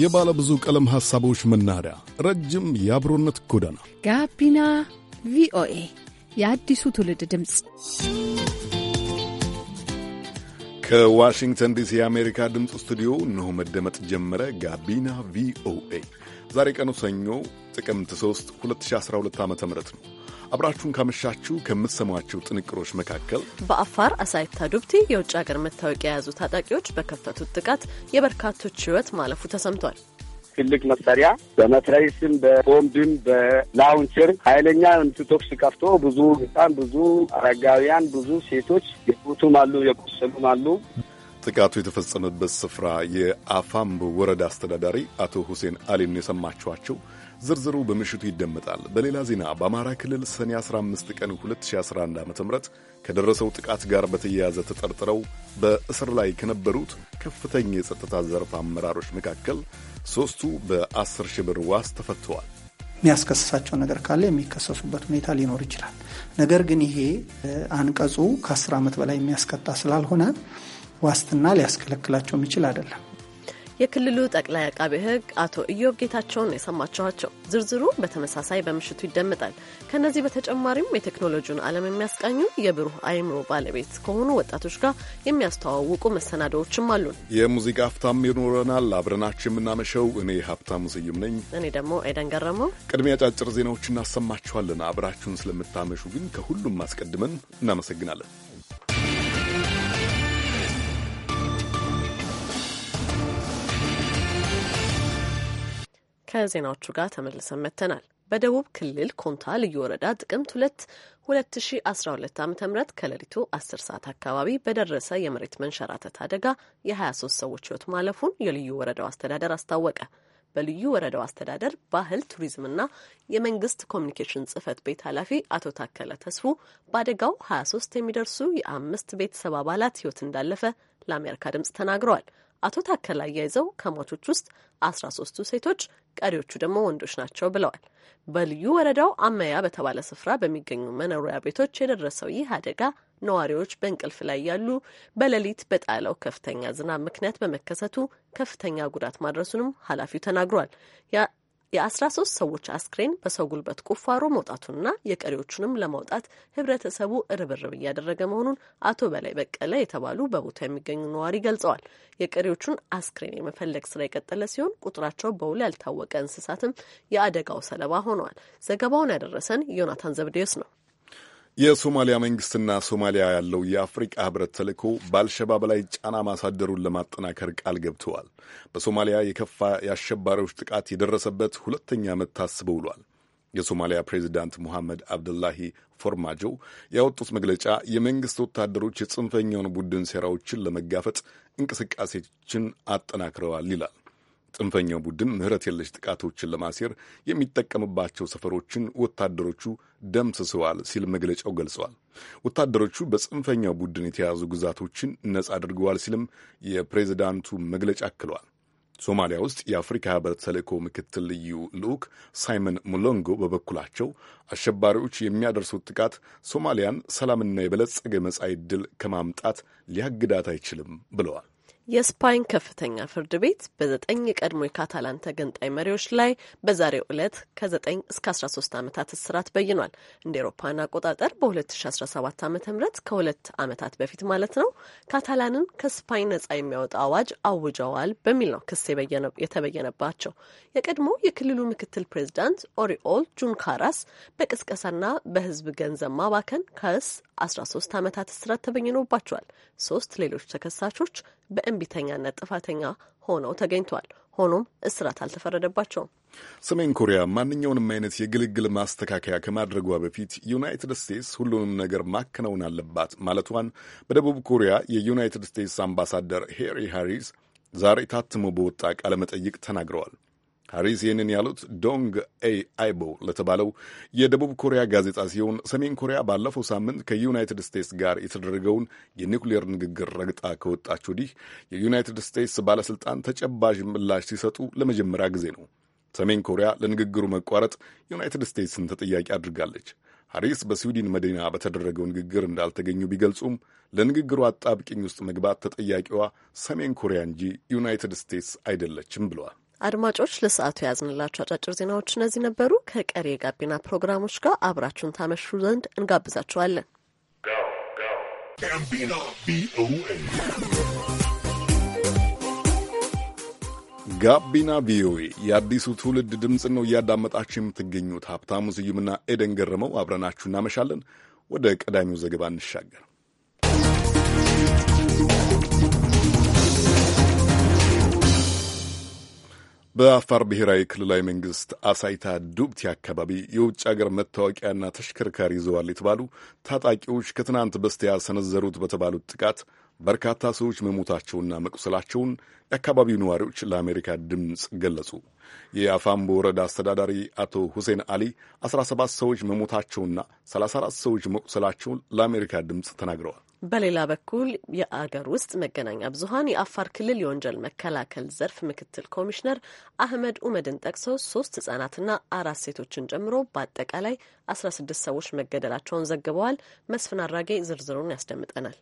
የባለ ብዙ ቀለም ሐሳቦች መናኸሪያ፣ ረጅም የአብሮነት ጎዳና፣ ጋቢና ቪኦኤ የአዲሱ ትውልድ ድምፅ ከዋሽንግተን ዲሲ የአሜሪካ ድምፅ ስቱዲዮ እነሆ መደመጥ ጀመረ። ጋቢና ቪኦኤ ዛሬ ቀኑ ሰኞ ጥቅምት 3 2012 ዓ ም ነው። አብራችሁን ካመሻችሁ ከምትሰሟቸው ጥንቅሮች መካከል በአፋር አሳይታ ዱብቲ የውጭ ሀገር መታወቂያ የያዙ ታጣቂዎች በከፈቱት ጥቃት የበርካቶች ሕይወት ማለፉ ተሰምቷል። ትልቅ መሳሪያ በመትረይስም በቦምብም በላውንቸር ኃይለኛ ተኩስ ከፍቶ ብዙ ህፃን፣ ብዙ አረጋውያን፣ ብዙ ሴቶች የሞቱም አሉ፣ የቆሰሉም አሉ። ጥቃቱ የተፈጸመበት ስፍራ የአፋምብ ወረዳ አስተዳዳሪ አቶ ሁሴን አሊን የሰማችኋቸው። ዝርዝሩ በምሽቱ ይደመጣል። በሌላ ዜና በአማራ ክልል ሰኔ 15 ቀን 2011 ዓ ም ከደረሰው ጥቃት ጋር በተያያዘ ተጠርጥረው በእስር ላይ ከነበሩት ከፍተኛ የጸጥታ ዘርፍ አመራሮች መካከል ሦስቱ በ10 ሺህ ብር ዋስ ተፈተዋል። የሚያስከስሳቸው ነገር ካለ የሚከሰሱበት ሁኔታ ሊኖር ይችላል። ነገር ግን ይሄ አንቀጹ ከ10 ዓመት በላይ የሚያስቀጣ ስላልሆነ ዋስትና ሊያስከለክላቸው የሚችል አይደለም። የክልሉ ጠቅላይ አቃቤ ሕግ አቶ ኢዮብ ጌታቸውን የሰማችኋቸው። ዝርዝሩ በተመሳሳይ በምሽቱ ይደመጣል። ከእነዚህ በተጨማሪም የቴክኖሎጂውን ዓለም የሚያስቃኙ የብሩህ አይምሮ ባለቤት ከሆኑ ወጣቶች ጋር የሚያስተዋውቁ መሰናዶዎችም አሉን። የሙዚቃ ሀብታም ይኖረናል። አብረናችሁ የምናመሸው እኔ ሀብታሙ ስዩም ነኝ። እኔ ደግሞ ኤደን ገረመው። ቅድሚያ አጫጭር ዜናዎች እናሰማችኋለን። አብራችሁን ስለምታመሹ ግን ከሁሉም አስቀድመን እናመሰግናለን። ከዜናዎቹ ጋር ተመልሰን መጥተናል። በደቡብ ክልል ኮንታ ልዩ ወረዳ ጥቅምት ሁለት 2012 ዓ ም ከሌሊቱ 10 ሰዓት አካባቢ በደረሰ የመሬት መንሸራተት አደጋ የ23 ሰዎች ህይወት ማለፉን የልዩ ወረዳው አስተዳደር አስታወቀ። በልዩ ወረዳው አስተዳደር ባህል ቱሪዝምና የመንግስት ኮሚኒኬሽን ጽህፈት ቤት ኃላፊ አቶ ታከለ ተስፉ በአደጋው 23 የሚደርሱ የአምስት ቤተሰብ አባላት ህይወት እንዳለፈ ለአሜሪካ ድምጽ ተናግረዋል። አቶ ታከል አያይዘው ከሟቾች ውስጥ አስራ ሶስቱ ሴቶች ቀሪዎቹ ደግሞ ወንዶች ናቸው ብለዋል። በልዩ ወረዳው አመያ በተባለ ስፍራ በሚገኙ መኖሪያ ቤቶች የደረሰው ይህ አደጋ ነዋሪዎች በእንቅልፍ ላይ ያሉ በሌሊት በጣለው ከፍተኛ ዝናብ ምክንያት በመከሰቱ ከፍተኛ ጉዳት ማድረሱንም ኃላፊው ተናግሯል። የአስራ ሶስት ሰዎች አስክሬን በሰው ጉልበት ቁፋሮ መውጣቱንና የቀሪዎቹንም ለማውጣት ህብረተሰቡ ርብርብ እያደረገ መሆኑን አቶ በላይ በቀለ የተባሉ በቦታ የሚገኙ ነዋሪ ገልጸዋል። የቀሪዎቹን አስክሬን የመፈለግ ስራ የቀጠለ ሲሆን ቁጥራቸው በውል ያልታወቀ እንስሳትም የአደጋው ሰለባ ሆነዋል። ዘገባውን ያደረሰን ዮናታን ዘብዴዎስ ነው። የሶማሊያ መንግስትና ሶማሊያ ያለው የአፍሪቃ ህብረት ተልእኮ በአልሸባብ ላይ ጫና ማሳደሩን ለማጠናከር ቃል ገብተዋል። በሶማሊያ የከፋ የአሸባሪዎች ጥቃት የደረሰበት ሁለተኛ ዓመት ታስበ ውሏል። የሶማሊያ ፕሬዚዳንት ሙሐመድ አብዱላሂ ፎርማጆ ያወጡት መግለጫ የመንግስት ወታደሮች የጽንፈኛውን ቡድን ሴራዎችን ለመጋፈጥ እንቅስቃሴዎችን አጠናክረዋል ይላል። ጽንፈኛው ቡድን ምህረት የለሽ ጥቃቶችን ለማሴር የሚጠቀምባቸው ሰፈሮችን ወታደሮቹ ደምስሰዋል ሲል መግለጫው ገልጸዋል። ወታደሮቹ በጽንፈኛው ቡድን የተያዙ ግዛቶችን ነጻ አድርገዋል ሲልም የፕሬዚዳንቱ መግለጫ አክለዋል። ሶማሊያ ውስጥ የአፍሪካ ህብረት ተልእኮ ምክትል ልዩ ልዑክ ሳይመን ሙሎንጎ በበኩላቸው አሸባሪዎች የሚያደርሱት ጥቃት ሶማሊያን ሰላምና የበለጸገ መጻኢ ዕድል ከማምጣት ሊያግዳት አይችልም ብለዋል። የስፓይን ከፍተኛ ፍርድ ቤት በዘጠኝ የቀድሞ የካታላን ተገንጣይ መሪዎች ላይ በዛሬው ዕለት ከዘጠኝ እስከ አስራ ሶስት ዓመታት እስራት በይኗል። እንደ ኤሮፓን አቆጣጠር በ2017 ዓ ም ከሁለት ዓመታት በፊት ማለት ነው ካታላንን ከስፓይን ነጻ የሚያወጣ አዋጅ አውጀዋል በሚል ነው ክስ የተበየነባቸው። የቀድሞ የክልሉ ምክትል ፕሬዚዳንት ኦሪኦል ጁንካራስ በቅስቀሳና በህዝብ ገንዘብ ማባከን ከስ 13 ዓመታት እስራት ተበይኖባቸዋል። ሶስት ሌሎች ተከሳሾች በእንቢተኛነት ጥፋተኛ ሆነው ተገኝተዋል። ሆኖም እስራት አልተፈረደባቸውም። ሰሜን ኮሪያ ማንኛውንም አይነት የግልግል ማስተካከያ ከማድረጓ በፊት ዩናይትድ ስቴትስ ሁሉንም ነገር ማከናወን አለባት ማለቷን በደቡብ ኮሪያ የዩናይትድ ስቴትስ አምባሳደር ሄሪ ሃሪስ ዛሬ ታትሞ በወጣ ቃለመጠይቅ ተናግረዋል። ሃሪስ ይህንን ያሉት ዶንግ ኤ አይቦ ለተባለው የደቡብ ኮሪያ ጋዜጣ ሲሆን ሰሜን ኮሪያ ባለፈው ሳምንት ከዩናይትድ ስቴትስ ጋር የተደረገውን የኒውክሌር ንግግር ረግጣ ከወጣች ወዲህ የዩናይትድ ስቴትስ ባለሥልጣን ተጨባጭ ምላሽ ሲሰጡ ለመጀመሪያ ጊዜ ነው። ሰሜን ኮሪያ ለንግግሩ መቋረጥ ዩናይትድ ስቴትስን ተጠያቂ አድርጋለች። ሃሪስ በስዊድን መዲና በተደረገው ንግግር እንዳልተገኙ ቢገልጹም ለንግግሩ አጣብቂኝ ውስጥ መግባት ተጠያቂዋ ሰሜን ኮሪያ እንጂ ዩናይትድ ስቴትስ አይደለችም ብለዋል። አድማጮች ለሰዓቱ የያዝንላቸው አጫጭር ዜናዎች እነዚህ ነበሩ። ከቀሪ የጋቢና ፕሮግራሞች ጋር አብራችሁን ታመሹ ዘንድ እንጋብዛችኋለን። ጋቢና ቪኦኤ የአዲሱ ትውልድ ድምፅን ነው እያዳመጣችሁ የምትገኙት። ሀብታሙ ስዩምና ኤደን ገረመው አብረናችሁ እናመሻለን። ወደ ቀዳሚው ዘገባ እንሻገር። በአፋር ብሔራዊ ክልላዊ መንግስት አሳይታ ዱብቲ አካባቢ የውጭ አገር መታወቂያና ተሽከርካሪ ይዘዋል የተባሉ ታጣቂዎች ከትናንት በስቲያ ሰነዘሩት በተባሉት ጥቃት በርካታ ሰዎች መሞታቸውና መቁሰላቸውን የአካባቢው ነዋሪዎች ለአሜሪካ ድምፅ ገለጹ። የአፋምቦ ወረዳ አስተዳዳሪ አቶ ሁሴን አሊ 17 ሰዎች መሞታቸውና 34 ሰዎች መቁሰላቸውን ለአሜሪካ ድምፅ ተናግረዋል። በሌላ በኩል የአገር ውስጥ መገናኛ ብዙኃን የአፋር ክልል የወንጀል መከላከል ዘርፍ ምክትል ኮሚሽነር አህመድ ኡመድን ጠቅሰው ሶስት ህጻናትና አራት ሴቶችን ጨምሮ በአጠቃላይ አስራ ስድስት ሰዎች መገደላቸውን ዘግበዋል። መስፍን አራጌ ዝርዝሩን ያስደምጠናል።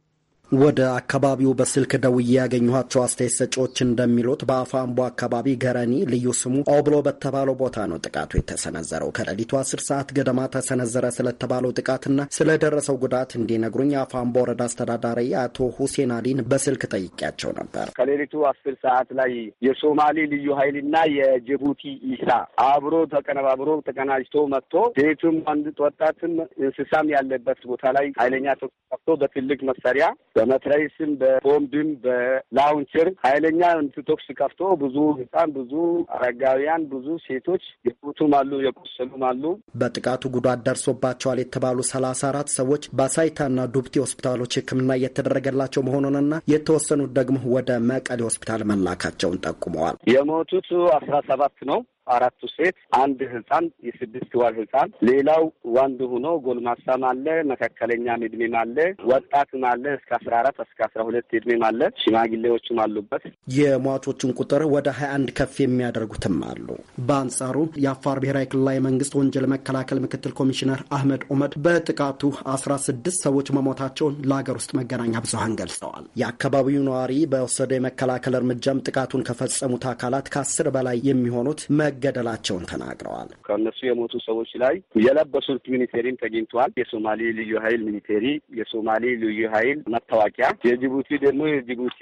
ወደ አካባቢው በስልክ ደውዬ ያገኘኋቸው አስተያየት ሰጪዎች እንደሚሉት በአፋምቦ አካባቢ ገረኒ ልዩ ስሙ ኦብሎ በተባለው ቦታ ነው ጥቃቱ የተሰነዘረው። ከሌሊቱ አስር ሰዓት ገደማ ተሰነዘረ ስለተባለው ጥቃትና ስለደረሰው ጉዳት እንዲነግሩኝ የአፋምቦ ወረዳ አስተዳዳሪ አቶ ሁሴን አሊን በስልክ ጠይቄያቸው ነበር። ከሌሊቱ አስር ሰዓት ላይ የሶማሌ ልዩ ኃይልና የጅቡቲ ኢሳ አብሮ ተቀነባብሮ ተቀናጅቶ መጥቶ ቤቱም አንድ ወጣትም እንስሳም ያለበት ቦታ ላይ ኃይለኛ ተከፍቶ በትልቅ መሳሪያ በመትረይስም በቦምብም በላውንቸር ኃይለኛ ተኩስ ከፍቶ ብዙ ህፃን፣ ብዙ አረጋውያን፣ ብዙ ሴቶች የሞቱም አሉ የቆሰሉም አሉ። በጥቃቱ ጉዳት ደርሶባቸዋል የተባሉ ሰላሳ አራት ሰዎች በሳይታና ዱብቲ ሆስፒታሎች ሕክምና እየተደረገላቸው መሆኑንና የተወሰኑት ደግሞ ወደ መቀሌ ሆስፒታል መላካቸውን ጠቁመዋል። የሞቱት አስራ ሰባት ነው። አራቱ ሴት፣ አንድ ህፃን፣ የስድስት ወር ህፃን፣ ሌላው ወንድ ሆኖ ጎልማሳም አለ፣ መካከለኛም እድሜም አለ፣ ወጣትም አለ፣ እስከ አስራ አራት እስከ አስራ ሁለት እድሜም አለ፣ ሽማግሌዎችም አሉበት። የሟቾችን ቁጥር ወደ ሀያ አንድ ከፍ የሚያደርጉትም አሉ። በአንጻሩ የአፋር ብሔራዊ ክልላዊ መንግስት ወንጀል መከላከል ምክትል ኮሚሽነር አህመድ ኦመድ በጥቃቱ አስራ ስድስት ሰዎች መሞታቸውን ለሀገር ውስጥ መገናኛ ብዙሀን ገልጸዋል። የአካባቢው ነዋሪ በወሰደው የመከላከል እርምጃም ጥቃቱን ከፈጸሙት አካላት ከአስር በላይ የሚሆኑት መገደላቸውን ተናግረዋል። ከእነሱ የሞቱ ሰዎች ላይ የለበሱት ሚኒቴሪም ተገኝተዋል። የሶማሌ ልዩ ኃይል ሚኒቴሪ፣ የሶማሌ ልዩ ኃይል መታወቂያ፣ የጅቡቲ ደግሞ የጅቡቲ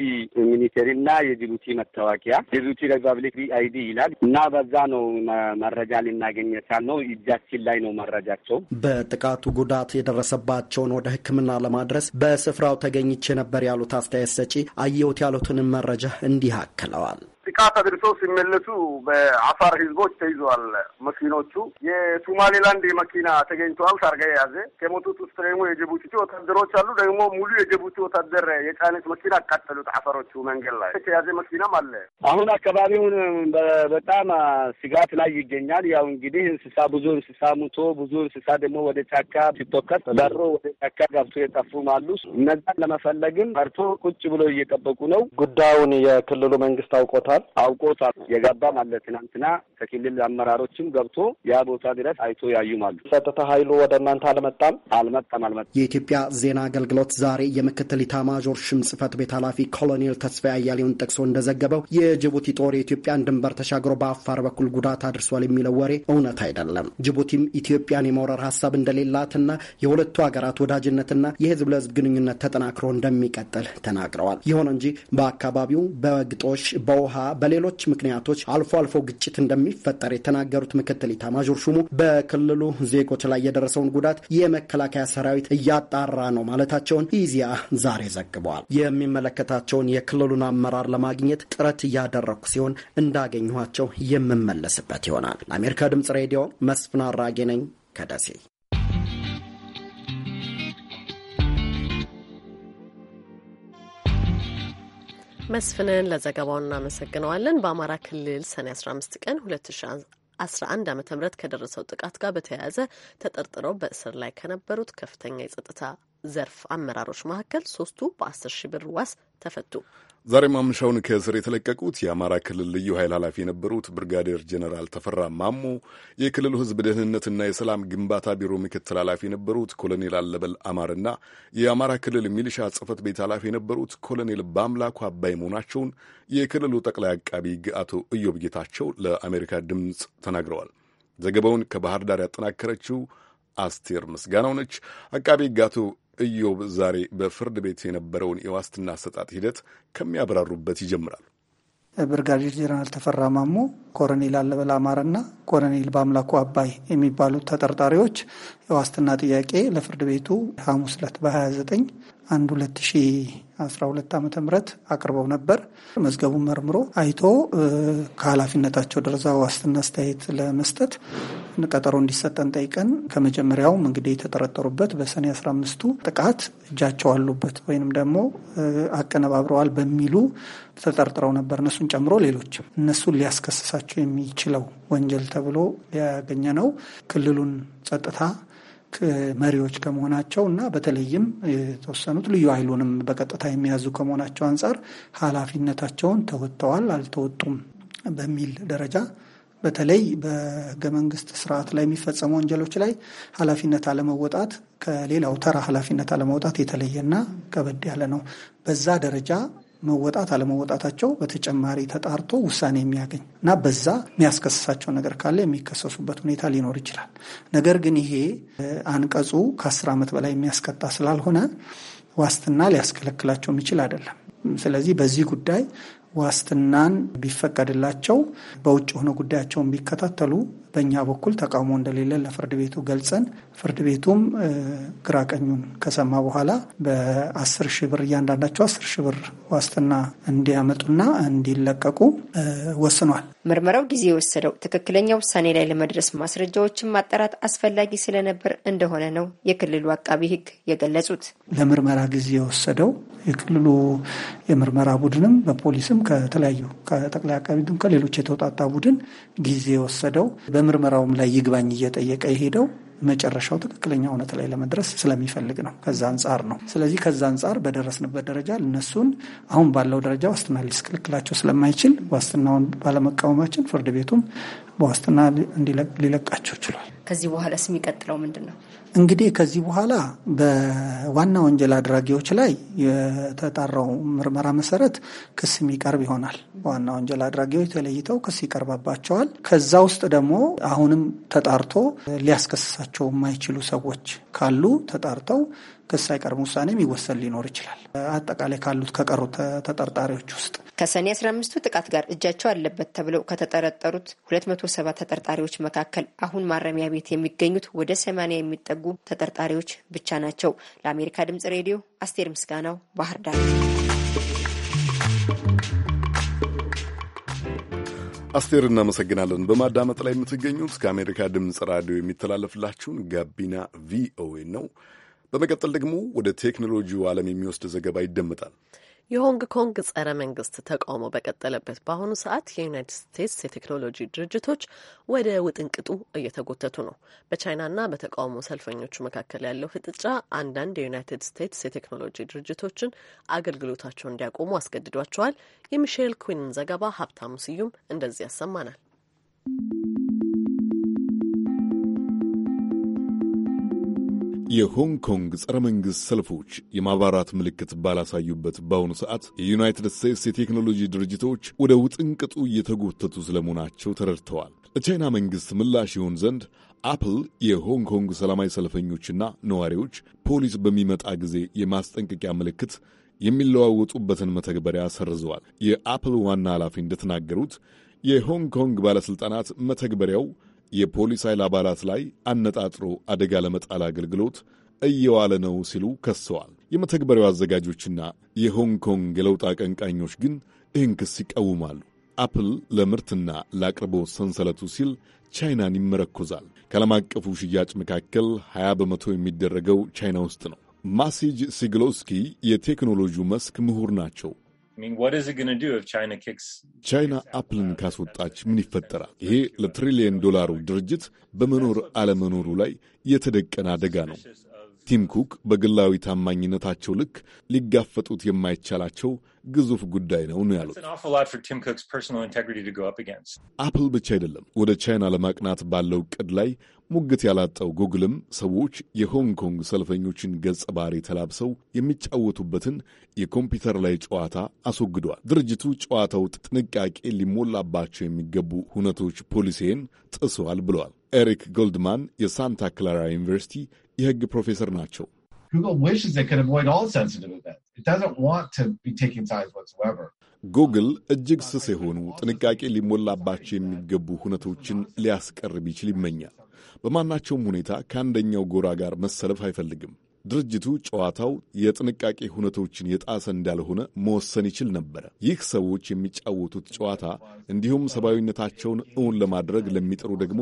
ሚኒቴሪ እና የጅቡቲ መታወቂያ የጅቡቲ ሪፐብሊክ አይዲ ይላል እና በዛ ነው መረጃ ልናገኝ የቻልነው። እጃችን ላይ ነው መረጃቸው። በጥቃቱ ጉዳት የደረሰባቸውን ወደ ሕክምና ለማድረስ በስፍራው ተገኝቼ ነበር ያሉት አስተያየት ሰጪ አየሁት ያሉትንም መረጃ እንዲህ አክለዋል። ጥቃት አድርሰው ሲመለሱ በአፋር ህዝቦች ተይዘዋል። መኪኖቹ የሱማሌላንድ መኪና ተገኝተዋል፣ ታርጋ የያዘ ከሞቱት ውስጥ ደግሞ የጅቡቲ ወታደሮች አሉ። ደግሞ ሙሉ የጅቡቲ ወታደር የጫነት መኪና አቃጠሉት። አፋሮቹ መንገድ ላይ የተያዘ መኪናም አለ። አሁን አካባቢውን በጣም ስጋት ላይ ይገኛል። ያው እንግዲህ እንስሳ ብዙ እንስሳ ሙቶ ብዙ እንስሳ ደግሞ ወደ ጫካ ሲቶከት በሮ ወደ ጫካ ገብቶ የጠፉም አሉ። እነዛን ለመፈለግም መርቶ ቁጭ ብሎ እየጠበቁ ነው። ጉዳዩን የክልሉ መንግስት አውቆታል። አመራር አውቆታል። የገባም አለ። ትናንትና ከክልል አመራሮችም ገብቶ ያ ቦታ ድረስ አይቶ ያዩም አሉ። ጸጥታ ኃይሉ ወደ እናንተ አልመጣም አልመጣም አልመጣም። የኢትዮጵያ ዜና አገልግሎት ዛሬ የምክትል ኢታማዦር ሽም ጽህፈት ቤት ኃላፊ ኮሎኔል ተስፋዬ አያሌውን ጠቅሶ እንደዘገበው የጅቡቲ ጦር የኢትዮጵያን ድንበር ተሻግሮ በአፋር በኩል ጉዳት አድርሷል የሚለው ወሬ እውነት አይደለም። ጅቡቲም ኢትዮጵያን የመውረር ሀሳብ እንደሌላትና የሁለቱ ሀገራት ወዳጅነትና የህዝብ ለህዝብ ግንኙነት ተጠናክሮ እንደሚቀጥል ተናግረዋል። ይሁን እንጂ በአካባቢው በግጦሽ በውሃ በሌሎች ምክንያቶች አልፎ አልፎ ግጭት እንደሚፈጠር የተናገሩት ምክትል ኢታማዦር ሹሙ በክልሉ ዜጎች ላይ የደረሰውን ጉዳት የመከላከያ ሰራዊት እያጣራ ነው ማለታቸውን ኢዚያ ዛሬ ዘግበዋል። የሚመለከታቸውን የክልሉን አመራር ለማግኘት ጥረት እያደረኩ ሲሆን እንዳገኘኋቸው የምመለስበት ይሆናል። ለአሜሪካ ድምጽ ሬዲዮ መስፍን አራጌ ነኝ ከደሴ መስፍንን ለዘገባው እናመሰግነዋለን። በአማራ ክልል ሰኔ 15 ቀን 2011 ዓ ም ከደረሰው ጥቃት ጋር በተያያዘ ተጠርጥረው በእስር ላይ ከነበሩት ከፍተኛ የጸጥታ ዘርፍ አመራሮች መካከል ሶስቱ በ10 ሺህ ብር ዋስ ተፈቱ። ዛሬ ማምሻውን ከእስር የተለቀቁት የአማራ ክልል ልዩ ኃይል ኃላፊ የነበሩት ብርጋዴር ጀነራል ተፈራ ማሞ፣ የክልሉ ሕዝብ ደህንነትና የሰላም ግንባታ ቢሮ ምክትል ኃላፊ የነበሩት ኮሎኔል አለበል አማርና የአማራ ክልል ሚሊሻ ጽሕፈት ቤት ኃላፊ የነበሩት ኮሎኔል በአምላኩ አባይ መሆናቸውን የክልሉ ጠቅላይ አቃቢ ሕግ አቶ እዮብ ጌታቸው ለአሜሪካ ድምፅ ተናግረዋል። ዘገባውን ከባህር ዳር ያጠናከረችው አስቴር ምስጋናው ነች። አቃቢ ሕግ አቶ ኢዮብ ዛሬ በፍርድ ቤት የነበረውን የዋስትና አሰጣጥ ሂደት ከሚያብራሩበት ይጀምራል። ብርጋዴር ጀነራል ተፈራ ማሞ፣ ኮሎኔል አለበል አማረና ኮሎኔል በአምላኩ አባይ የሚባሉት ተጠርጣሪዎች የዋስትና ጥያቄ ለፍርድ ቤቱ ሐሙስ ዕለት በ29 አንድ 2012 ዓ ም አቅርበው ነበር። መዝገቡን መርምሮ አይቶ ከኃላፊነታቸው ደረጃ ዋስትና አስተያየት ለመስጠት ቀጠሮ እንዲሰጠን ጠይቀን ከመጀመሪያውም እንግዲህ የተጠረጠሩበት በሰኔ 1 አምስቱ ጥቃት እጃቸው አሉበት ወይንም ደግሞ አቀነባብረዋል በሚሉ ተጠርጥረው ነበር። እነሱን ጨምሮ ሌሎችም እነሱን ሊያስከስሳቸው የሚችለው ወንጀል ተብሎ ያገኘ ነው ክልሉን ጸጥታ መሪዎች ከመሆናቸው እና በተለይም የተወሰኑት ልዩ ኃይሉንም በቀጥታ የሚያዙ ከመሆናቸው አንጻር ኃላፊነታቸውን ተወጥተዋል አልተወጡም በሚል ደረጃ በተለይ በህገ መንግስት ስርዓት ላይ የሚፈጸሙ ወንጀሎች ላይ ኃላፊነት አለመወጣት ከሌላው ተራ ኃላፊነት አለመውጣት የተለየና ከበድ ያለ ነው። በዛ ደረጃ መወጣት አለመወጣታቸው በተጨማሪ ተጣርቶ ውሳኔ የሚያገኝ እና በዛ የሚያስከስሳቸው ነገር ካለ የሚከሰሱበት ሁኔታ ሊኖር ይችላል። ነገር ግን ይሄ አንቀጹ ከአስር ዓመት በላይ የሚያስቀጣ ስላልሆነ ዋስትና ሊያስከለክላቸው የሚችል አይደለም። ስለዚህ በዚህ ጉዳይ ዋስትናን ቢፈቀድላቸው በውጭ ሆነ ጉዳያቸውን ቢከታተሉ በእኛ በኩል ተቃውሞ እንደሌለ ለፍርድ ቤቱ ገልጸን ፍርድ ቤቱም ግራቀኙን ከሰማ በኋላ በአስር ሺህ ብር እያንዳንዳቸው አስር ሺህ ብር ዋስትና እንዲያመጡና እንዲለቀቁ ወስኗል። ምርመራው ጊዜ የወሰደው ትክክለኛ ውሳኔ ላይ ለመድረስ ማስረጃዎችን ማጣራት አስፈላጊ ስለነበር እንደሆነ ነው የክልሉ አቃቢ ሕግ የገለጹት። ለምርመራ ጊዜ የወሰደው የክልሉ የምርመራ ቡድንም በፖሊስም ከተለያዩ ከጠቅላይ አቃቢ ከሌሎች የተውጣጣ ቡድን ጊዜ ወሰደው በምርመራውም ላይ ይግባኝ እየጠየቀ የሄደው መጨረሻው ትክክለኛ እውነት ላይ ለመድረስ ስለሚፈልግ ነው። ከዛ አንጻር ነው። ስለዚህ ከዛ አንጻር በደረስንበት ደረጃ እነሱን አሁን ባለው ደረጃ ዋስትና ሊስክልክላቸው ስለማይችል ዋስትናውን ባለመቃወማችን ፍርድ ቤቱም በዋስትና ሊለቃቸው ችሏል። ከዚህ በኋላ ስም የሚቀጥለው ምንድን ነው? እንግዲህ ከዚህ በኋላ በዋና ወንጀል አድራጊዎች ላይ የተጣራው ምርመራ መሰረት ክስ የሚቀርብ ይሆናል። በዋና ወንጀል አድራጊዎች ተለይተው ክስ ይቀርባባቸዋል። ከዛ ውስጥ ደግሞ አሁንም ተጣርቶ ሊያስከስሳ ራሳቸው የማይችሉ ሰዎች ካሉ ተጣርተው ክስ አይቀርም ውሳኔም የሚወሰን ሊኖር ይችላል። አጠቃላይ ካሉት ከቀሩ ተጠርጣሪዎች ውስጥ ከሰኔ 15ቱ ጥቃት ጋር እጃቸው አለበት ተብለው ከተጠረጠሩት 207 ተጠርጣሪዎች መካከል አሁን ማረሚያ ቤት የሚገኙት ወደ 80 የሚጠጉ ተጠርጣሪዎች ብቻ ናቸው። ለአሜሪካ ድምጽ ሬዲዮ አስቴር ምስጋናው ባህር ዳር አስቴር እናመሰግናለን። በማዳመጥ ላይ የምትገኙት ከአሜሪካ ድምፅ ራዲዮ የሚተላለፍላችሁን ጋቢና ቪኦኤ ነው። በመቀጠል ደግሞ ወደ ቴክኖሎጂው ዓለም የሚወስድ ዘገባ ይደመጣል። የሆንግ ኮንግ ጸረ መንግስት ተቃውሞ በቀጠለበት በአሁኑ ሰዓት የዩናይትድ ስቴትስ የቴክኖሎጂ ድርጅቶች ወደ ውጥንቅጡ እየተጎተቱ ነው። በቻይናና በተቃውሞ ሰልፈኞቹ መካከል ያለው ፍጥጫ አንዳንድ የዩናይትድ ስቴትስ የቴክኖሎጂ ድርጅቶችን አገልግሎታቸውን እንዲያቆሙ አስገድዷቸዋል። የሚሼል ኩዊንን ዘገባ ሀብታሙ ስዩም እንደዚህ ያሰማናል። የሆንግ ኮንግ ጸረ መንግሥት ሰልፎች የማብራራት ምልክት ባላሳዩበት በአሁኑ ሰዓት የዩናይትድ ስቴትስ የቴክኖሎጂ ድርጅቶች ወደ ውጥንቅጡ እየተጎተቱ ስለመሆናቸው ተረድተዋል። ለቻይና መንግሥት ምላሽ ይሆን ዘንድ አፕል የሆንግ ኮንግ ሰላማዊ ሰልፈኞችና ነዋሪዎች ፖሊስ በሚመጣ ጊዜ የማስጠንቀቂያ ምልክት የሚለዋወጡበትን መተግበሪያ ሰርዘዋል። የአፕል ዋና ኃላፊ እንደተናገሩት የሆንግ ኮንግ ባለሥልጣናት መተግበሪያው የፖሊስ ኃይል አባላት ላይ አነጣጥሮ አደጋ ለመጣል አገልግሎት እየዋለ ነው ሲሉ ከሰዋል። የመተግበሪያው አዘጋጆችና የሆንግ ኮንግ የለውጥ አቀንቃኞች ግን ይህን ክስ ይቃውማሉ። አፕል ለምርትና ለአቅርቦት ሰንሰለቱ ሲል ቻይናን ይመረኮዛል። ከዓለም አቀፉ ሽያጭ መካከል 20 በመቶ የሚደረገው ቻይና ውስጥ ነው። ማሲጅ ሲግሎስኪ የቴክኖሎጂው መስክ ምሁር ናቸው። ቻይና አፕልን ካስወጣች ምን ይፈጠራል? ይሄ ለትሪሊየን ዶላሩ ድርጅት በመኖር አለመኖሩ ላይ የተደቀነ አደጋ ነው። ቲም ኩክ በግላዊ ታማኝነታቸው ልክ ሊጋፈጡት የማይቻላቸው ግዙፍ ጉዳይ ነው ነው ያሉት። አፕል ብቻ አይደለም ወደ ቻይና ለማቅናት ባለው ቅድ ላይ ሙግት ያላጣው ጉግልም ሰዎች የሆንግ ኮንግ ሰልፈኞችን ገጸ ባህሪ ተላብሰው የሚጫወቱበትን የኮምፒውተር ላይ ጨዋታ አስወግደዋል። ድርጅቱ ጨዋታው ጥንቃቄ ሊሞላባቸው የሚገቡ ሁነቶች ፖሊሲን ጥሰዋል ብለዋል። ኤሪክ ጎልድማን የሳንታ ክላራ ዩኒቨርሲቲ የህግ ፕሮፌሰር ናቸው። ጉግል እጅግ ስስ የሆኑ ጥንቃቄ ሊሞላባቸው የሚገቡ ሁነቶችን ሊያስቀር ቢችል ይመኛል። በማናቸውም ሁኔታ ከአንደኛው ጎራ ጋር መሰለፍ አይፈልግም። ድርጅቱ ጨዋታው የጥንቃቄ ሁነቶችን የጣሰ እንዳልሆነ መወሰን ይችል ነበረ። ይህ ሰዎች የሚጫወቱት ጨዋታ እንዲሁም ሰብአዊነታቸውን እውን ለማድረግ ለሚጥሩ ደግሞ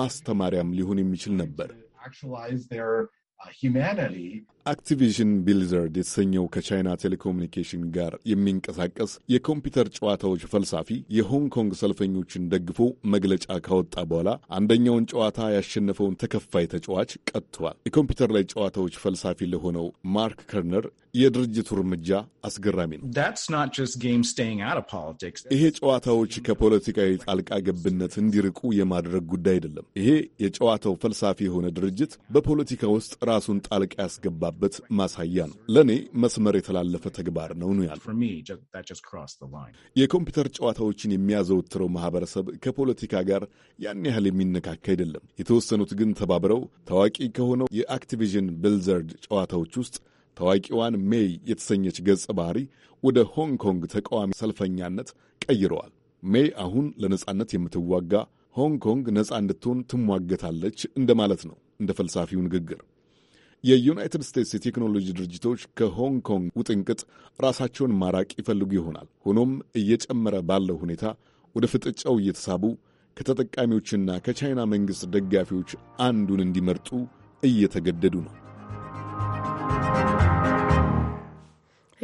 ማስተማሪያም ሊሆን የሚችል ነበር። actualize their uh, humanity አክቲቪዥን ቢልዘርድ የተሰኘው ከቻይና ቴሌኮሙኒኬሽን ጋር የሚንቀሳቀስ የኮምፒውተር ጨዋታዎች ፈልሳፊ የሆንግ ኮንግ ሰልፈኞችን ደግፎ መግለጫ ካወጣ በኋላ አንደኛውን ጨዋታ ያሸነፈውን ተከፋይ ተጫዋች ቀጥቷል። የኮምፒውተር ላይ ጨዋታዎች ፈልሳፊ ለሆነው ማርክ ከርነር የድርጅቱ እርምጃ አስገራሚ ነው። ይሄ ጨዋታዎች ከፖለቲካዊ ጣልቃ ገብነት እንዲርቁ የማድረግ ጉዳይ አይደለም። ይሄ የጨዋታው ፈልሳፊ የሆነ ድርጅት በፖለቲካ ውስጥ ራሱን ጣልቃ ያስገባ የገባበት ማሳያ ነው። ለእኔ መስመር የተላለፈ ተግባር ነው ነው ያሉ። የኮምፒውተር ጨዋታዎችን የሚያዘወትረው ማህበረሰብ ከፖለቲካ ጋር ያን ያህል የሚነካካ አይደለም። የተወሰኑት ግን ተባብረው ታዋቂ ከሆነው የአክቲቪዥን ብልዘርድ ጨዋታዎች ውስጥ ታዋቂዋን ሜይ የተሰኘች ገጸ ባህሪ ወደ ሆንግ ኮንግ ተቃዋሚ ሰልፈኛነት ቀይረዋል። ሜይ አሁን ለነጻነት የምትዋጋ ሆንግ ኮንግ ነጻ እንድትሆን ትሟገታለች እንደማለት ነው እንደ ፈልሳፊው ንግግር። የዩናይትድ ስቴትስ የቴክኖሎጂ ድርጅቶች ከሆንግ ኮንግ ውጥንቅጥ ራሳቸውን ማራቅ ይፈልጉ ይሆናል። ሆኖም እየጨመረ ባለው ሁኔታ ወደ ፍጥጫው እየተሳቡ ከተጠቃሚዎችና ከቻይና መንግሥት ደጋፊዎች አንዱን እንዲመርጡ እየተገደዱ ነው።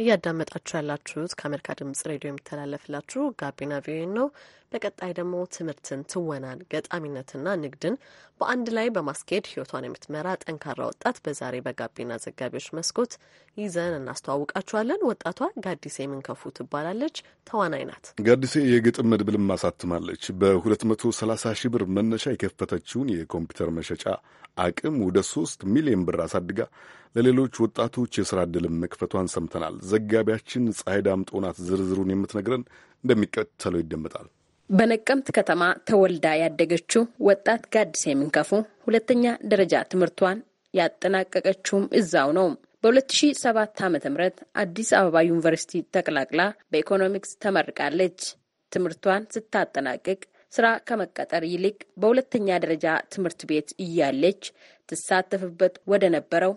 እያዳመጣችሁ ያላችሁት ከአሜሪካ ድምጽ ሬዲዮ የሚተላለፍላችሁ ጋቢና ቪኦኤ ነው። በቀጣይ ደግሞ ትምህርትን፣ ትወናን፣ ገጣሚነትና ንግድን በአንድ ላይ በማስኬድ ህይወቷን የምትመራ ጠንካራ ወጣት በዛሬ በጋቢና ዘጋቢዎች መስኮት ይዘን እናስተዋውቃችኋለን። ወጣቷ ጋዲሴ ምንከፉ ትባላለች። ተዋናይ ናት። ጋዲሴ የግጥም መድብልም አሳትማለች። በ230 ሺህ ብር መነሻ የከፈተችውን የኮምፒውተር መሸጫ አቅም ወደ ሶስት ሚሊዮን ብር አሳድጋ ለሌሎች ወጣቶች የሥራ ዕድልም መክፈቷን ሰምተናል። ዘጋቢያችን ፀሐይ ዳምጦ ናት ዝርዝሩን የምትነግረን እንደሚቀጥለው ይደመጣል። በነቀምት ከተማ ተወልዳ ያደገችው ወጣት ጋዲስ የምንከፉ ሁለተኛ ደረጃ ትምህርቷን ያጠናቀቀችውም እዛው ነው። በ2007 ዓ ም አዲስ አበባ ዩኒቨርሲቲ ተቀላቅላ በኢኮኖሚክስ ተመርቃለች። ትምህርቷን ስታጠናቅቅ ስራ ከመቀጠር ይልቅ በሁለተኛ ደረጃ ትምህርት ቤት እያለች ትሳተፍበት ወደ ነበረው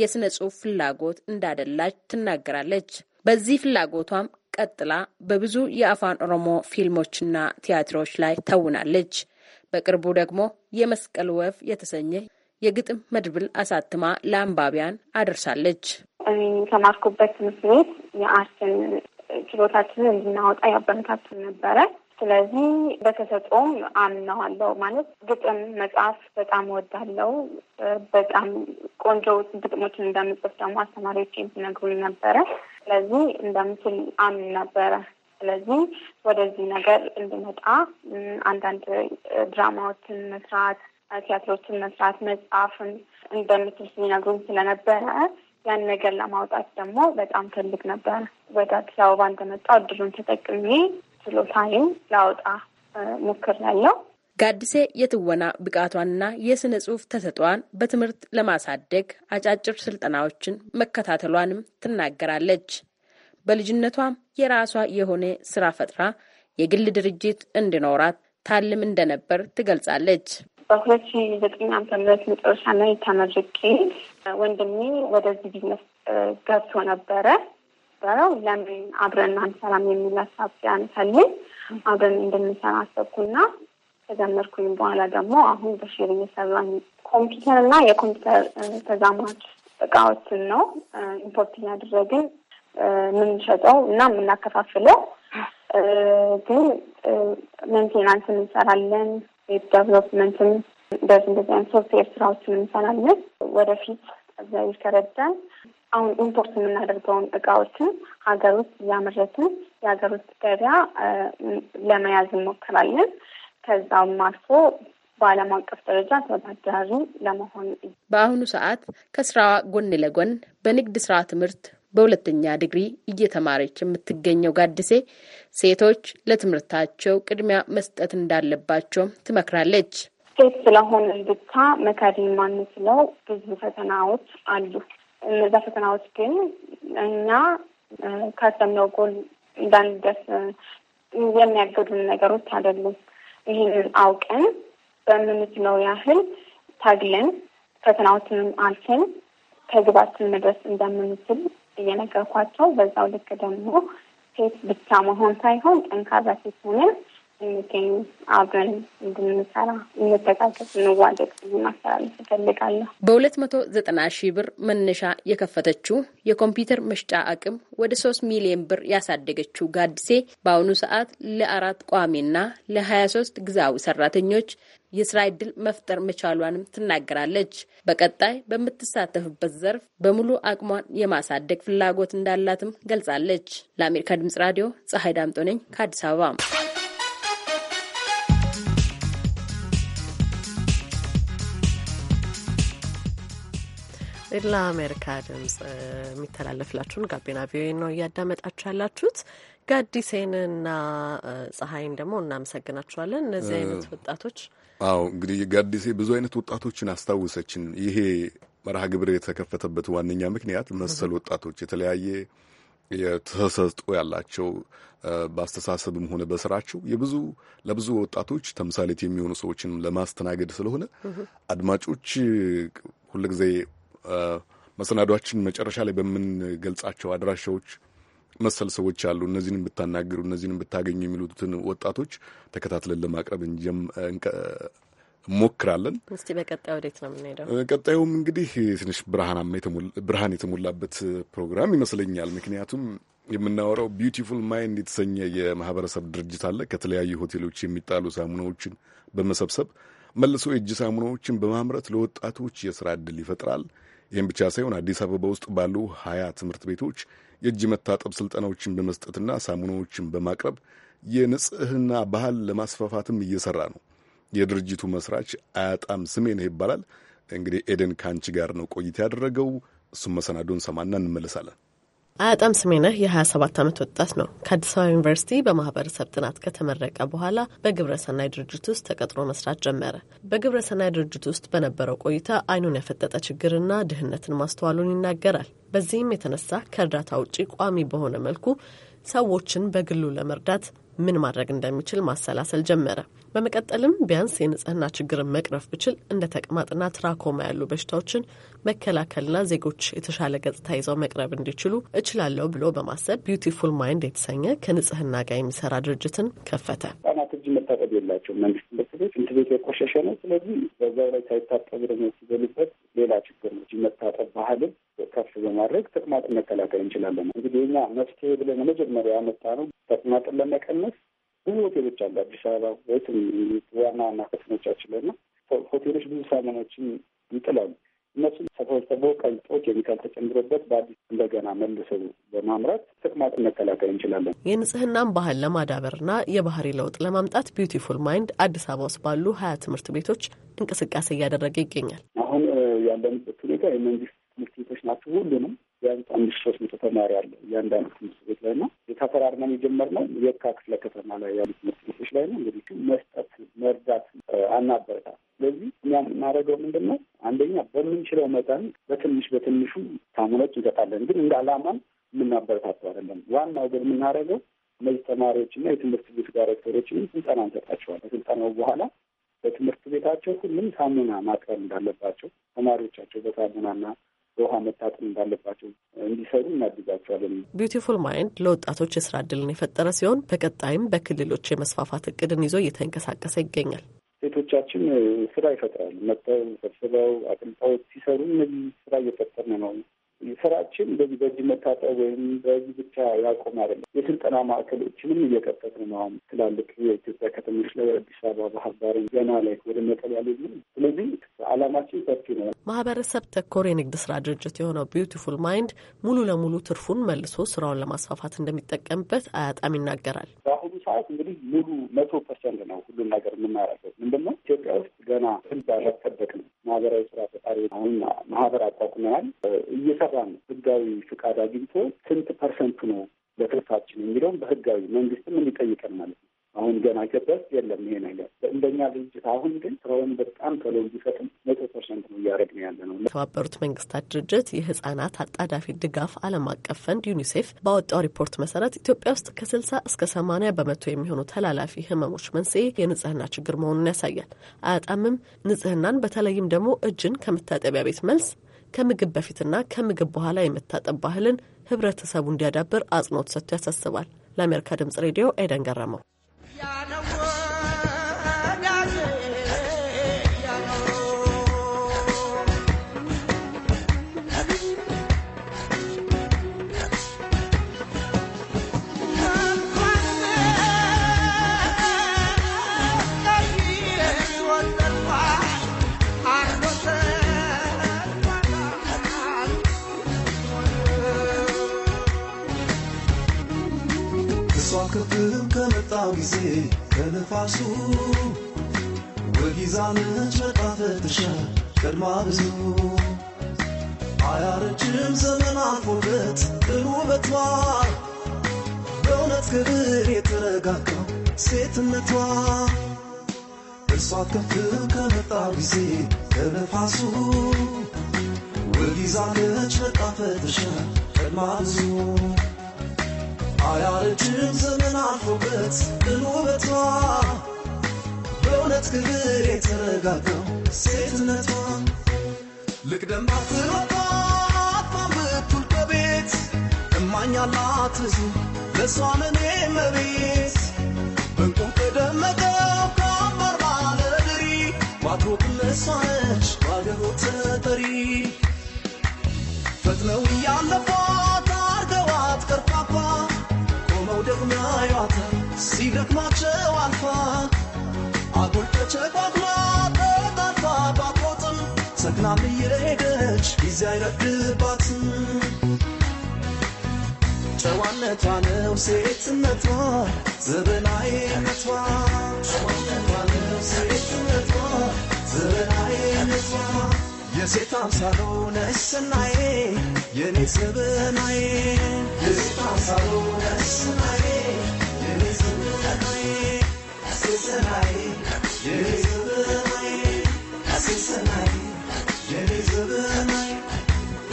የሥነ ጽሑፍ ፍላጎት እንዳደላች ትናገራለች። በዚህ ፍላጎቷም ቀጥላ በብዙ የአፋን ኦሮሞ ፊልሞችና ቲያትሮች ላይ ተውናለች። በቅርቡ ደግሞ የመስቀል ወፍ የተሰኘ የግጥም መድብል አሳትማ ለአንባቢያን አደርሳለች። ከማርኩበት የተማርኩበት ትምህርት ቤት የአርትን ችሎታችንን እንድናወጣ ያበረታቱን ነበረ። ስለዚህ በተሰጦም አምነዋለው። ማለት ግጥም መጽሐፍ በጣም ወዳለው በጣም ቆንጆ ግጥሞችን እንደምጽፍ ደግሞ አስተማሪዎች ነግሩኝ ነበረ። ስለዚህ እንደምችል አምን ነበረ። ስለዚህ ወደዚህ ነገር እንድመጣ አንዳንድ ድራማዎችን መስራት፣ ቲያትሮችን መስራት፣ መጽሐፍን እንደምችል ሲነግሩኝ ስለነበረ ያን ነገር ለማውጣት ደግሞ በጣም ፈልግ ነበረ። ወደ አዲስ አበባ እንደመጣ እድሉን ተጠቅሜ ችሎታዬን ሞክር ያለው። ጋዲሴ የትወና ብቃቷንና የስነ ጽሁፍ ተሰጥኦዋን በትምህርት ለማሳደግ አጫጭር ስልጠናዎችን መከታተሏንም ትናገራለች። በልጅነቷም የራሷ የሆነ ስራ ፈጥራ የግል ድርጅት እንዲኖራት ታልም እንደነበር ትገልጻለች። በሁለት ሺ ዘጠኝ ዓመተ ምህረት መጨረሻ ላይ ተመርቄ ወንድሜ ወደዚህ ቢዝነስ ገብቶ ነበረ። ነበረው። ለምን አብረን አንሰራም የሚል ሀሳብ ሲያነሳልኝ አብረን እንደምንሰራ አሰብኩና ከጀመርኩኝ በኋላ ደግሞ አሁን በሼር እየሰራ ኮምፒውተር እና የኮምፒውተር ተዛማች እቃዎችን ነው ኢምፖርት እያደረግን የምንሸጠው እና የምናከፋፍለው። ግን ሜንቴናንስን እንሰራለን፣ ዌብ ዴቨሎፕመንትን እንደዚህ እንደዚህ አይነት ሶፍትዌር ስራዎችን እንሰራለን። ወደፊት እግዚአብሔር ከረዳን አሁን ኢምፖርት የምናደርገውን እቃዎችን ሀገር ውስጥ እያመረትን የሀገር ውስጥ ገበያ ለመያዝ እንሞክራለን። ከዛም አልፎ በዓለም አቀፍ ደረጃ ተወዳዳሪ ለመሆን በአሁኑ ሰዓት ከስራዋ ጎን ለጎን በንግድ ስራ ትምህርት በሁለተኛ ዲግሪ እየተማረች የምትገኘው ጋድሴ ሴቶች ለትምህርታቸው ቅድሚያ መስጠት እንዳለባቸውም ትመክራለች። ሴት ስለሆንን ብቻ መካድ የማንችለው ብዙ ፈተናዎች አሉ። እነዛ ፈተናዎች ግን እኛ ካሰብነው ጎል እንዳንደርስ የሚያገዱን ነገሮች አይደሉም። ይህንን አውቀን በምንችለው ያህል ታግለን ፈተናዎችንም አልፈን ከግባችን መድረስ እንደምንችል እየነገርኳቸው፣ በዛው ልክ ደግሞ ሴት ብቻ መሆን ሳይሆን ጠንካራ ሴት ሆነን የሚገኙ አብረን እንድንሰራ እንተጋገዝ፣ እንዋደቅ ማስተላለፍ እፈልጋለሁ። በሁለት መቶ ዘጠና ሺህ ብር መነሻ የከፈተችው የኮምፒውተር መሽጫ አቅም ወደ ሶስት ሚሊዮን ብር ያሳደገችው ጋድሴ በአሁኑ ሰዓት ለአራት ቋሚና ለሀያ ሶስት ግዛዊ ሰራተኞች የስራ እድል መፍጠር መቻሏንም ትናገራለች። በቀጣይ በምትሳተፍበት ዘርፍ በሙሉ አቅሟን የማሳደግ ፍላጎት እንዳላትም ገልጻለች። ለአሜሪካ ድምጽ ራዲዮ ፀሐይ ዳምጦ ነኝ ከአዲስ አበባ ለአሜሪካ ድምጽ የሚተላለፍላችሁን ጋቢና ቪኦኤ ነው እያዳመጣችሁ ያላችሁት። ጋዲሴንና ፀሐይን ደግሞ እናመሰግናችኋለን። እነዚህ አይነት ወጣቶች አዎ፣ እንግዲህ ጋዲሴ ብዙ አይነት ወጣቶችን አስታውሰችን። ይሄ መርሃ ግብር የተከፈተበት ዋነኛ ምክንያት መሰል ወጣቶች የተለያየ የተሰጥኦ ያላቸው በአስተሳሰብም ሆነ በስራቸው የብዙ ለብዙ ወጣቶች ተምሳሌት የሚሆኑ ሰዎችን ለማስተናገድ ስለሆነ አድማጮች ሁልጊዜ መሰናዷችን መጨረሻ ላይ በምንገልጻቸው አድራሻዎች መሰል ሰዎች አሉ። እነዚህን ብታናገሩ እነዚህን ብታገኙ የሚሉትን ወጣቶች ተከታትለን ለማቅረብ እንሞክራለን። እስቲ በቀጣዩ ወዴት ነው የምንሄደው? ቀጣዩም እንግዲህ ትንሽ ብርሃን የተሞላበት ፕሮግራም ይመስለኛል። ምክንያቱም የምናወራው ቢዩቲፉል ማይንድ የተሰኘ የማህበረሰብ ድርጅት አለ። ከተለያዩ ሆቴሎች የሚጣሉ ሳሙናዎችን በመሰብሰብ መልሶ የእጅ ሳሙናዎችን በማምረት ለወጣቶች የስራ ዕድል ይፈጥራል። ይህም ብቻ ሳይሆን አዲስ አበባ ውስጥ ባሉ ሀያ ትምህርት ቤቶች የእጅ መታጠብ ስልጠናዎችን በመስጠትና ሳሙናዎችን በማቅረብ የንጽህና ባህል ለማስፋፋትም እየሰራ ነው። የድርጅቱ መስራች አያጣም ስሜነህ ይባላል። እንግዲህ ኤደን ከአንቺ ጋር ነው ቆይታ ያደረገው። እሱም መሰናዶን ሰማና እንመለሳለን። አያጣም ስሜነህ የ27 ዓመት ወጣት ነው። ከአዲስ አበባ ዩኒቨርሲቲ በማህበረሰብ ጥናት ከተመረቀ በኋላ በግብረሰናይ ድርጅት ውስጥ ተቀጥሮ መስራት ጀመረ። በግብረሰናይ ድርጅት ውስጥ በነበረው ቆይታ አይኑን ያፈጠጠ ችግርና ድህነትን ማስተዋሉን ይናገራል። በዚህም የተነሳ ከእርዳታ ውጪ ቋሚ በሆነ መልኩ ሰዎችን በግሉ ለመርዳት ምን ማድረግ እንደሚችል ማሰላሰል ጀመረ። በመቀጠልም ቢያንስ የንጽህና ችግርን መቅረፍ ብችል እንደ ተቅማጥና ትራኮማ ያሉ በሽታዎችን መከላከልና ዜጎች የተሻለ ገጽታ ይዘው መቅረብ እንዲችሉ እችላለሁ ብሎ በማሰብ ቢዩቲፉል ማይንድ የተሰኘ ከንጽህና ጋር የሚሰራ ድርጅትን ከፈተ። ህጻናት እጅ መታጠብ የላቸው መንግስት ትምህርት ቤት ትምህርት ቤት የቆሸሸ ነው። ስለዚህ በዛው ላይ ሳይታጠብ ደግሞ ሲበሉበት ሌላ ችግር ነው። እጅ መታጠብ ባህልም ከፍ በማድረግ ተቅማጥን መከላከል እንችላለን። እንግዲህ የኛ መፍትሄ ብለን መጀመሪያ ያመጣ ነው ተቅማጥን ለመቀነስ ብዙ ሆቴሎች አሉ አዲስ አበባ ወይም ዋና ዋና ከተሞቻችን ላይ እና ሆቴሎች ብዙ ሳሙናዎችን ይጥላሉ። እነሱም ሰፈሰቦ ቀልጦ ኬሚካል ተጨምሮበት በአዲስ እንደገና መልሰው በማምራት ተቅማጥን መከላከል እንችላለን። የንጽህናን ባህል ለማዳበርና የባህሪ ለውጥ ለማምጣት ቢዩቲፉል ማይንድ አዲስ አበባ ውስጥ ባሉ ሀያ ትምህርት ቤቶች እንቅስቃሴ እያደረገ ይገኛል። አሁን ያለንበት ሁኔታ የመንግስት ተማሪዎች ናቸው። ሁሉንም ቢያንስ አንድ ሶስት መቶ ተማሪ አለ እያንዳንዱ ትምህርት ቤት ላይ ነው የተፈራርመን የጀመርነው የካ ክፍለ ከተማ ላይ ያሉ ትምህርት ቤቶች ላይ ነው። እንግዲህ መስጠት መርዳት አናበረታ። ስለዚህ እኛ የምናደርገው ምንድን ነው? አንደኛ በምንችለው መጠን በትንሽ በትንሹ ሳሙኖች እንሰጣለን፣ ግን እንደ አላማም የምናበረታተው አይደለም። ዋናው ግን የምናደርገው እነዚህ ተማሪዎችና የትምህርት ቤት ዳይሬክተሮችን ስልጠና እንሰጣቸዋለን። ከስልጠናው በኋላ በትምህርት ቤታቸው ሁሉም ሳሙና ማቅረብ እንዳለባቸው ተማሪዎቻቸው በሳሙናና በውሃ መታጠን እንዳለባቸው እንዲሰሩ እናግዛቸዋለን። ቢዩቲፉል ማይንድ ለወጣቶች የስራ እድልን የፈጠረ ሲሆን በቀጣይም በክልሎች የመስፋፋት እቅድን ይዞ እየተንቀሳቀሰ ይገኛል። ሴቶቻችን ስራ ይፈጥራሉ። መጥተው ሰብስበው አቅልጠው ሲሰሩ እነዚህ ስራ እየፈጠርን ነው ስራችን እንደዚህ በዚህ መታጠብ ወይም በዚህ ብቻ ያቆም አይደለም። የስልጠና ማዕከሎችንም እየቀጠቅን ነው። አሁን ትላልቅ የኢትዮጵያ ከተሞች ላይ አዲስ አበባ፣ ባህር ዳር፣ ገና ላይ ወደ መቀሌ ያሉ። ስለዚህ አላማችን ሰፊ ነው። ማህበረሰብ ተኮር የንግድ ስራ ድርጅት የሆነው ቢዩቲፉል ማይንድ ሙሉ ለሙሉ ትርፉን መልሶ ስራውን ለማስፋፋት እንደሚጠቀምበት አያጣም ይናገራል። በአሁኑ ሰዓት እንግዲህ ሙሉ መቶ ፐርሰንት ነው ሁሉም ነገር የምናረገው ምንድነው ኢትዮጵያ ውስጥ ገና ስልት አላጠበቅንም ማህበራዊ ስራ ፈጣሪ አሁን ማህበር አቋቁመናል። እየሰራ ነው። ህጋዊ ፍቃድ አግኝቶ ስንት ፐርሰንቱ ነው ለትርፋችን የሚለውም በህጋዊ መንግስትም እንዲጠይቀን ማለት ነው አሁን ገና ገበጽ የለም ይሄ ነገር እንደኛ ድርጅት። አሁን ግን ስራውን በጣም ቶሎ እንዲፈጥም መቶ ፐርሰንት ነው እያደረግን ያለ ነው። የተባበሩት መንግስታት ድርጅት የህጻናት አጣዳፊ ድጋፍ ዓለም አቀፍ ፈንድ ዩኒሴፍ ባወጣው ሪፖርት መሰረት ኢትዮጵያ ውስጥ ከስልሳ እስከ ሰማኒያ በመቶ የሚሆኑ ተላላፊ ህመሞች መንስኤ የንጽህና ችግር መሆኑን ያሳያል። አያጣምም ንጽህናን በተለይም ደግሞ እጅን ከመታጠቢያ ቤት መልስ ከምግብ በፊትና ከምግብ በኋላ የመታጠብ ባህልን ህብረተሰቡ እንዲያዳብር አጽንኦት ሰጥቶ ያሳስባል። ለአሜሪካ ድምጽ ሬዲዮ ኤደን ገረመው። I know. ከነፋሴ ከነፋሱ ወጊዛነች መጣ ቀድማ ብዙ አያረጅም ዘመን አልፎበት ጥሩ ውበቷ በእውነት ክብር የተረጋጋው ሴትነቷ እርሷ ከፍ ከመጣ ጊዜ ከነፋሱ ወጊዛነች መጣ ቀድማ ብዙ አያረጅም ዘመን አልፎበት ግን ውበቷ በእውነት ክብር የተረጋገው ሴትነቷ ልቅደም ባትሮጣት በምቱል ከቤት እማኛላት ብዙ ለእሷ መቤት በእንቁም ከደመቀው ከአምባር ባለድሪ ለእሷ ነች ተጠሪ ፈጥነው ሲደክማቸው አልፋ አጉል ተጨቋቁላ ተጣልፋ ባትሮጥም ሰክናም እየሄደች ጊዜ አይረግባትም። ጨዋነቷ ነው ሴትነቷ የኔ ዘበናዬ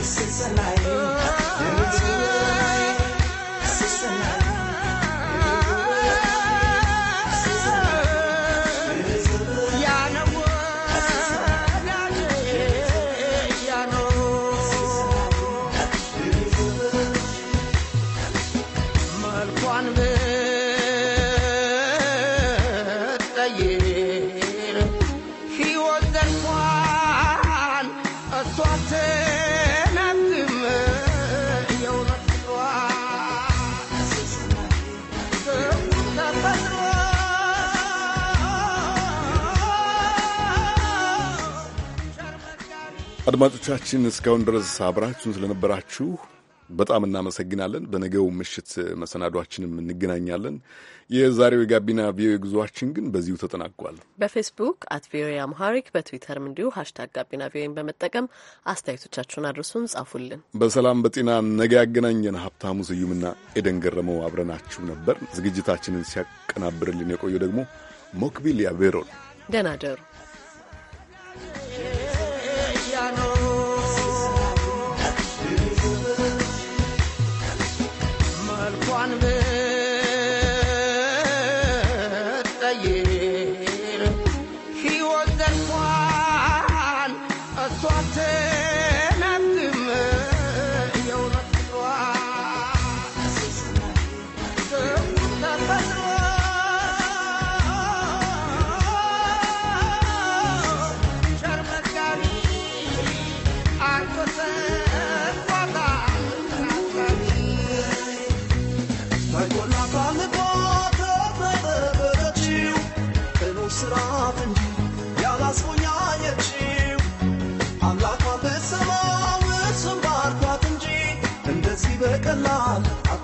Since the night, አድማጮቻችን እስካሁን ድረስ አብራችሁን ስለነበራችሁ በጣም እናመሰግናለን። በነገው ምሽት መሰናዷችንም እንገናኛለን። የዛሬው የጋቢና ቪኦኤ ጉዟችን ግን በዚሁ ተጠናቋል። በፌስቡክ አት ቪኦኤ አምሃሪክ በትዊተርም እንዲሁ ሀሽታግ ጋቢና ቪኦኤን በመጠቀም አስተያየቶቻችሁን አድርሱን፣ ጻፉልን። በሰላም በጤና ነገ ያገናኘን። ሀብታሙ ስዩምና ኤደን ገረመው አብረናችሁ ነበር። ዝግጅታችንን ሲያቀናብርልን የቆየው ደግሞ ሞክቢል ያቬሮን። ደህና ደሩ።